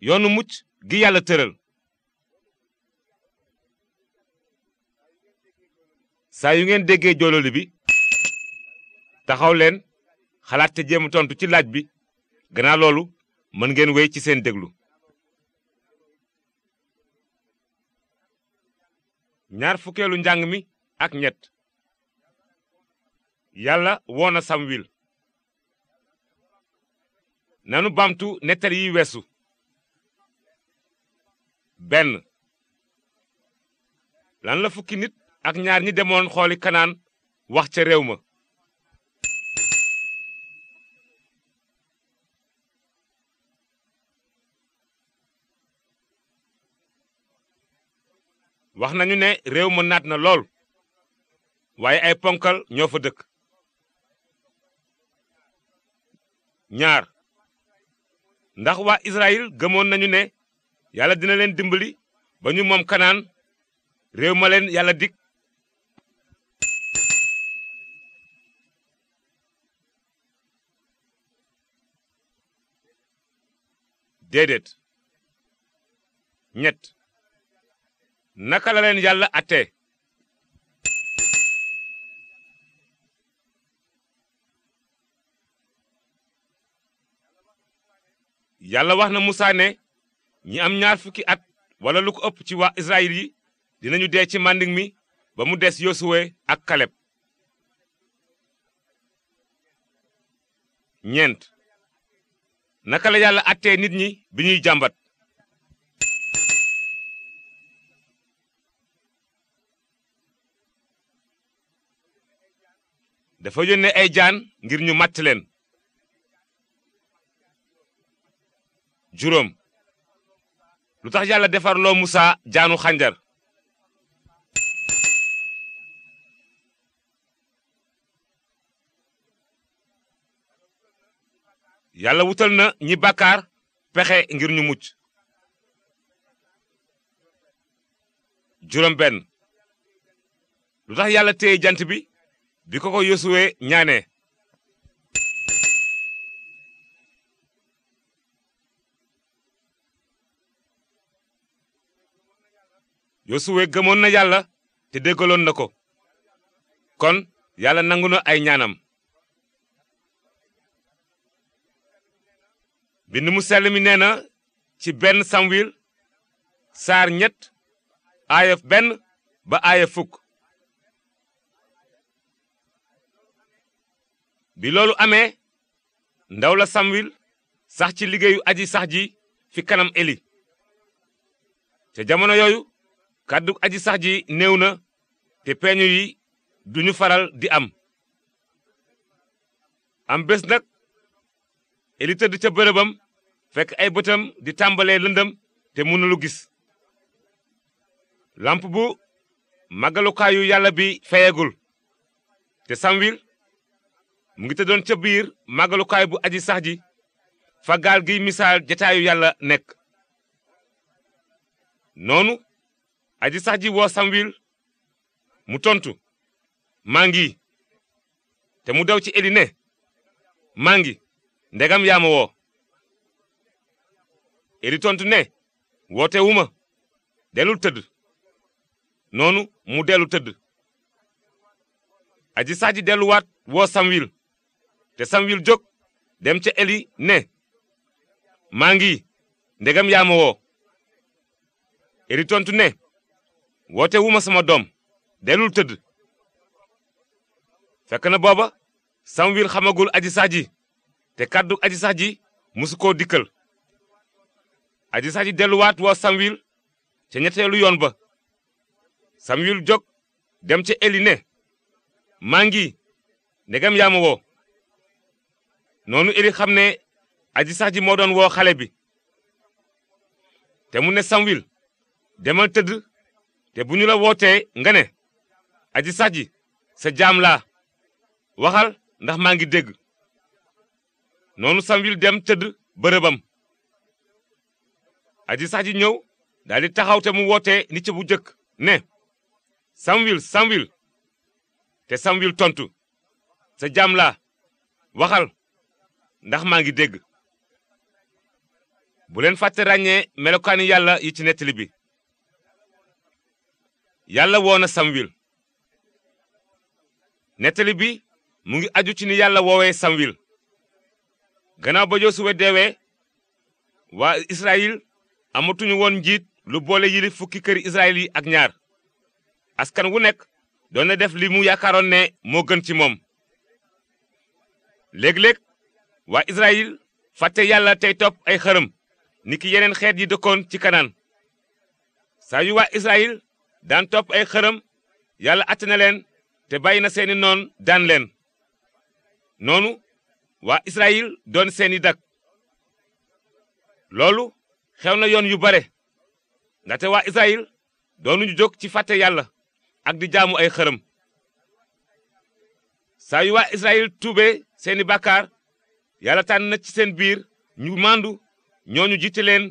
yoonu mucc gi yàlla tëral saa yu ngeen déggee joololi bi taxaw leen xalaat te jéem tontu ci laaj bi gannaaw loolu mën ngeen wéy ci seen déglu ñaar fukkeelu njàng mi ak ñett yàlla woona samwil nanu bamtu nettali yi weesu benn lan la fukki nit ak ñaar ñi demoon xooli kanaan wax ca réew ma wax nañu ne réew ma naat na lool waaye ay ponkal ñoo fa dëkk ñaar ndax waa Israyil gëmoon nañu ne yàlla dina leen dimbali ba ñu moom kanaan réew ma leen yàlla dig déedéet ñett naka la leen yàlla attee yàlla wax na Musaa ñi am ñaar fukki at wala lu ëpp ci waa Israyil yi dinañu dee ci màndig mi ba mu des Yosuwe ak Kaleb ñeent nakala la yàlla nit ñi bi ñuy jàmbat dafa yónne ay jaan ngir ñu màtt leen juróom lu tax yàlla defarloo Musaa jaanu xànjar yàlla wutal na ñi bàkkaar pexe ngir ñu mucc juróom benn lu tax yàlla téye jant bi bi ko ko yosuwee yosuwe gëmoon na yàlla te déggaloon na ko kon yàlla nangu na ay ñaanam bind mu sell mi nee na ci benn samwil saar ñett aaya benn ba aaya fukk bi loolu amee ndaw la samwil sax ci liggéeyu aji sax ji fi kanam eli te jamono yooyu kàddu aji sax ji néew na te peeñu du ñu faral di am am bés nag eli tëdd ca bërëbam fekk ay bëtam di tàmbalee lëndam te mënulu gis lamp bu màggalukaayu yàlla bi feyegul te samwil mu ngi tëddoon ca biir màggalukaay bu aji sax ji fa gaal gi misaal jataayu yàlla nekk noonu aji sax woo samwil mu tontu maa ngi te mu daw ci eli ne maa ngi ndegam yaa ma woo eli tontu ne wootewuma delul tëdd noonu mu dellu tëdd aji sax ji delluwaat woo samwil te samwil jóg dem ca eli ne maa ngi ndegam yaa ma woo eli tontu ne woote wu ma sama doom dellul tëdd fekk na booba samwil xamagul aji sax te kàddu aji sax ji musu koo dikkal aji sax delluwaat woo samwil ca ñetteelu yoon ba samwil jóg dem ca eli ne maa ngi ndegam yaa ma noonu eli xam ne aji sax ji moo doon woo xale bi te mu ne samwil demal tëdd te bu ñu la wootee nga ne aji sax ji sa jaam laa waxal ndax maa ngi dégg noonu samwil dem tëdd bërëbam aji sax ji ñëw daldi taxaw te mu wootee ni ci bu jëkk ne samwil samwil te samwil tontu sa jaam laa waxal ndax maa ngi dégg bu leen fàtte ràññee melokaani yàlla yi ci nettali bi yàlla woo na samwil nettali bi mu ngi aju ci ni yàlla woowee samwil ganaaw ba yosuwe deewee waa israyil amatuñu woon njiit lu boole yili fukki kër israyil yi ak ñaar askan wu nekk doon na def li mu yaakaaroon ne moo gën ci moom léegléeg léeg waa israyil fàtte yàlla tey topp ay xërëm niki yeneen xeet yi dëkkoon ci kanaan saa yu waa israyil daan topp ay xërëm yàlla àtte na leen te bàyyi na seeni noon daan leen noonu waa Israyil doon seeni dak loolu xew na yoon yu bare ndaxte waa Israyil doonuñu jóg ci fàtte yàlla ak di jaamu ay xërëm saa yu waa Israyil tuubee seeni bàkkaar yàlla tànn na ci seen biir ñu màndu ñooñu jiite leen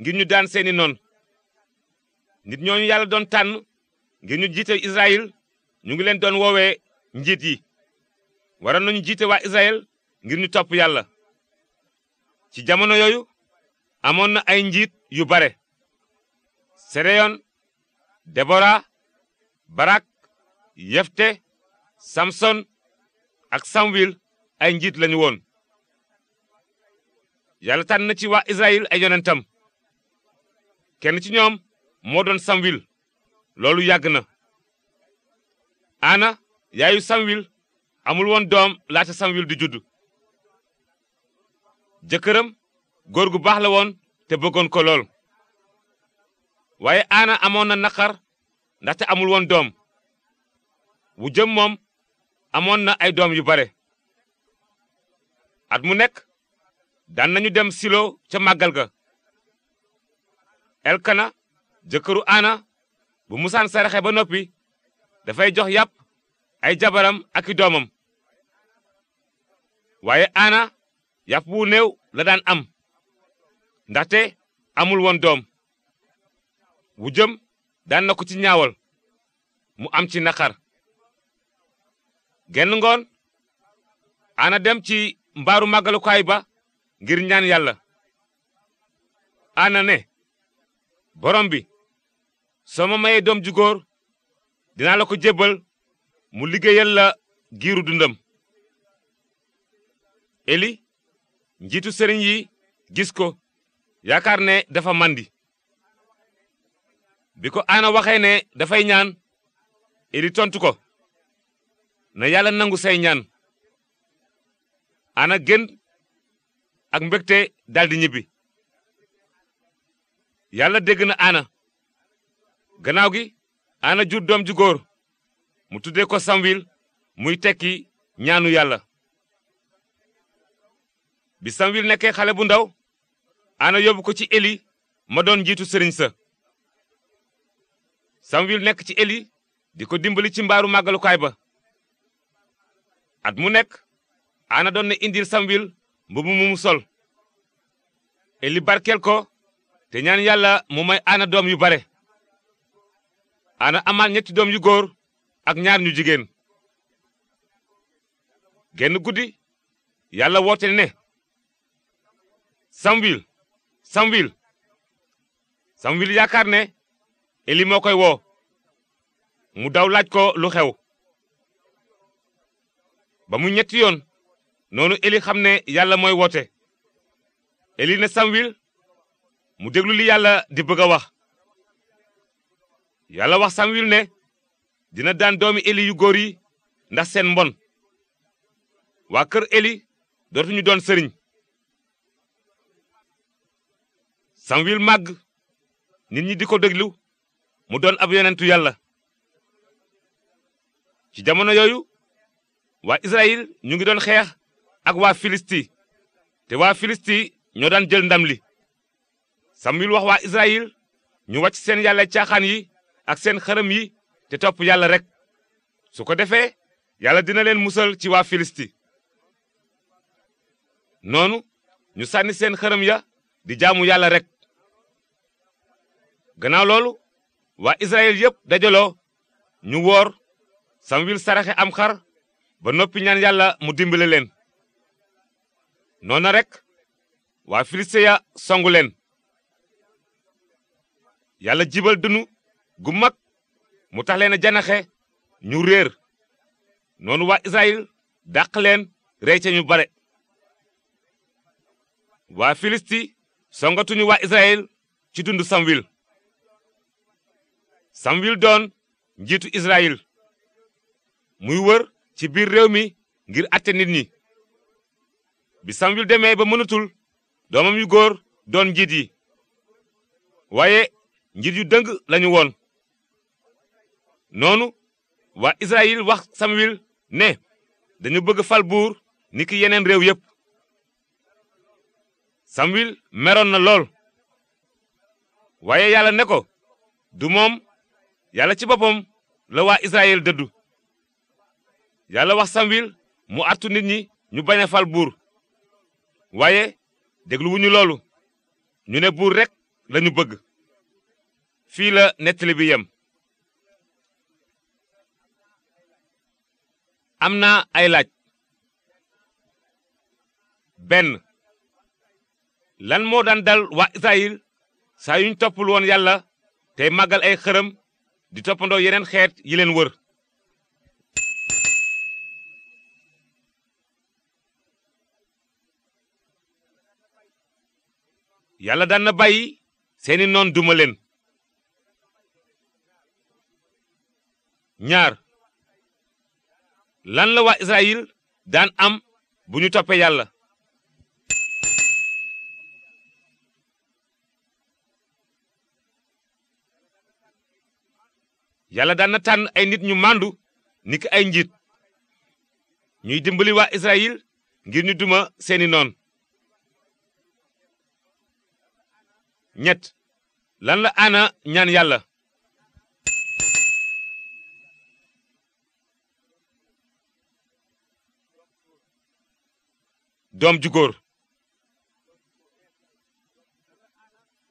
ngir ñu daan seeni noon nit ñooñu yàlla doon tànn ngir ñu jiite Israël ñu ngi leen doon woowee njiit yi wara nañu jiite waa Israël ngir ñu topp yàlla ci jamono yooyu amoon na ay njiit yu bare sereyon debora barak yefte samson ak samwil ay njiit lañu woon yàlla tànn na ci waa Israël ay yonentam kenn ci ñoom moo doon samwil loolu yàgg na aana yaayu samwil amul woon doom laata samwil di juddu jëkkëram góor gu baax la woon te bëggoon ko lool waaye aana amoon na naqar ndaxte amul woon doom bu jëm moom amoon na ay doom yu bare at mu nekk daan nañu dem silo ca màggal ga elkana jëkkëru aana bu musaan saraxe ba noppi dafay jox yàpp ay jabaram ak i doomam waaye aana yàpp wu néew la daan am ndaxte amul woon doom wu jëm daan na ko ci ñaawal mu am ci naqar genn ngoon aana dem ci mbaaru màggalukaay ba ngir ñaan yàlla ana ne borom bi soo ma mayee doom ju góor dinaa la ko jébbal mu liggéeyal la giiru dundam eli njiitu sëriñ yi gis ko yaakaar ne dafa mandi bi ko aana waxee ne dafay ñaan eli tontu ko na yàlla nangu say ñaan ana gën ak mbégte daldi ñibbi yàlla dégg na aana gannaaw gi ana jur doom ju góor mu tuddee ko samwil muy tekki ñaanu yàlla bi samwil nekkee xale bu ndaw ana yóbbu ko ci eli ma doon njiitu sëriñ sa samwil nekk ci eli di ko dimbali ci mbaaru màggalukaay ba at mu nekk ana doon na indil samwil mbubb mu mu sol eli barkeel ko te ñaan yàlla mu may ana doom yu bare ana amaan ñetti doom yu góor ak ñaar ñu jigéen genn guddi yàlla woote ne samwil samwil samwil yaakaar ne eli moo koy woo mu daw laaj ko lu xew ba mu ñetti yoon noonu eli xam ne yàlla mooy woote eli ne samwil mu déglu li yàlla di bëgg a wax yàlla wax samwil ne dina daan doomi eli yu góor yi ndax seen mbon waa kër eli dootuñu doon sëriñ samwil màgg nit ñi di ko déglu mu doon ab yonentu yàlla ci jamono yooyu waa israyil ñu ngi doon xeex ak waa filisti te waa filisti ñoo daan jël ndam li samwil wax waa israyil ñu wàcc seen yàlla caaxaan yi ak seen xërëm yi te topp yàlla rek su ko defee yàlla dina leen musal ci waa filisti noonu ñu sànni seen xërëm ya di jaamu yàlla rek ganaaw loolu waa israyil yépp dajaloo ñu woor samwil saraxe am xar ba noppi ñaan yàlla mu dimbale leen noona rek waa filiste ya songu leen yàlla jibal dunu gu mag mu tax janaxe ñu réer noonu waa Israyil dàq leen rey ca ñu bare waa filisti songatuñu waa Israyil ci dund Samwil Samwil doon njiitu Israyil muy wër ci biir réew mi ngir atte ñi bi Samwil demee ba mënatul doomam yu góor doon njiit yi waaye njiit yu dëng lañu woon noonu waa Israyil wax Samuel ne dañu bëgg fal buur ni ki yeneen réew yépp Samuel meroon na lool waaye yàlla ne ko du moom yàlla ci boppam la waa Israyil dëddu yàlla wax Samuel mu artu nit ñi ñu bañ a fal buur waaye dégluwuñu loolu ñu ne buur rekk lañu bëgg fii la nettali bi yem am na ay laaj benn lan moo daan dal waa Israyil saa yuñ toppul woon yàlla tey màggal ay xërëm di toppandoo yeneen xeet yi leen wër yàlla daan na bàyyi seeni noon duma leen ñaar lan la waa Israël daan am bu ñu toppee yàlla yàlla daan na tànn ay nit ñu màndu niki ay njiit ñuy dimbali waa Israël ngir ñu duma seeni noon ñett lan la ana ñaan yàlla doom ju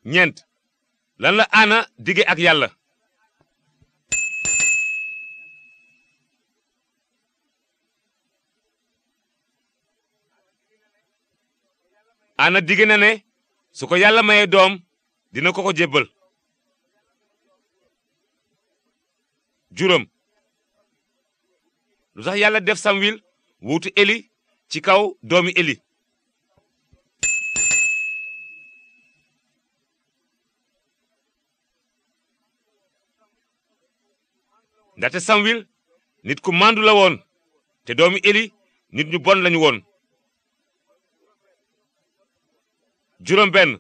ñeent lan la ana dige ak yàlla ana dige na ne su ko yàlla mayee doom dina ko ko jébbal juróom lu tax yàlla def samwil wuutu eli ci kaw doomi eli ndate samwil nit ku màndu la woon te doomi eli nit ñu bon lañu woon juróom benn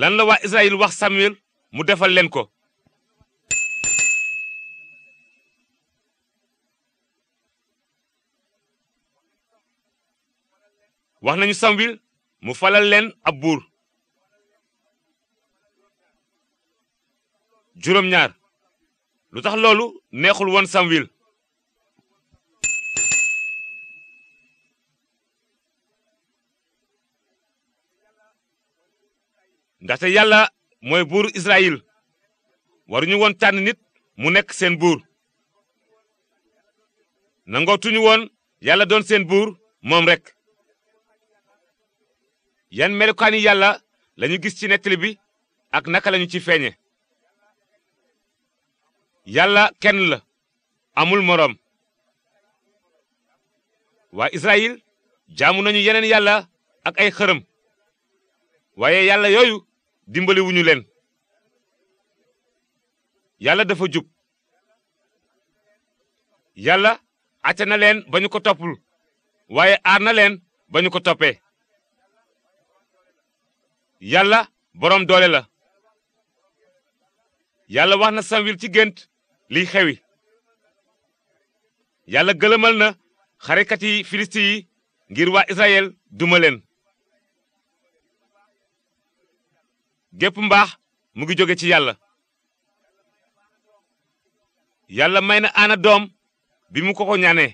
lan la waa israyil wax samuel mu defal leen ko wax nañu samwil mu falal leen ab buur juróom ñaar lu tax loolu neexul woon samwil ndaxte yàlla mooy buur Israyil waruñu woon tànn nit mu nekk seen buur nangootuñu woon yàlla doon seen buur moom rekk yan melukaani yàlla lañu gis ci nettali bi ak naka lañu ci feeñe yàlla kenn la amul morom waa Israyil jaamu nañu yeneen yàlla ak ay xërëm waaye yàlla yooyu dimbali wuñu leen yàlla dafa jub yàlla àtte na leen ba ko toppul waaye aar na leen ba ko toppee yàlla boroom doole la yàlla wax na samwil ci gént li xewi yàlla gëlëmal na xarekat yi filisti yi ngir waa israyel duma leen gépp mbaax mu ngi jóge ci yàlla yàlla may na aana doom bi mu ko ko ñaanee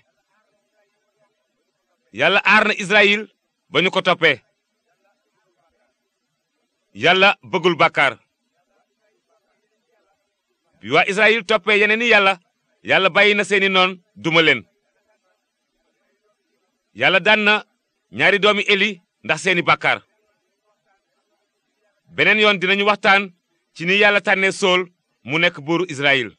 yàlla aar na israyil ba ñu ko toppee yàlla bëggul bàkkaar bi waa Israyil toppee yeneen i yàlla yàlla bàyyi na seeni noon duma leen yàlla daan na ñaari doomi eli ndax seeni bàkkaar beneen yoon dinañu waxtaan ci ni yàlla tànnee sool mu nekk buuru Israyil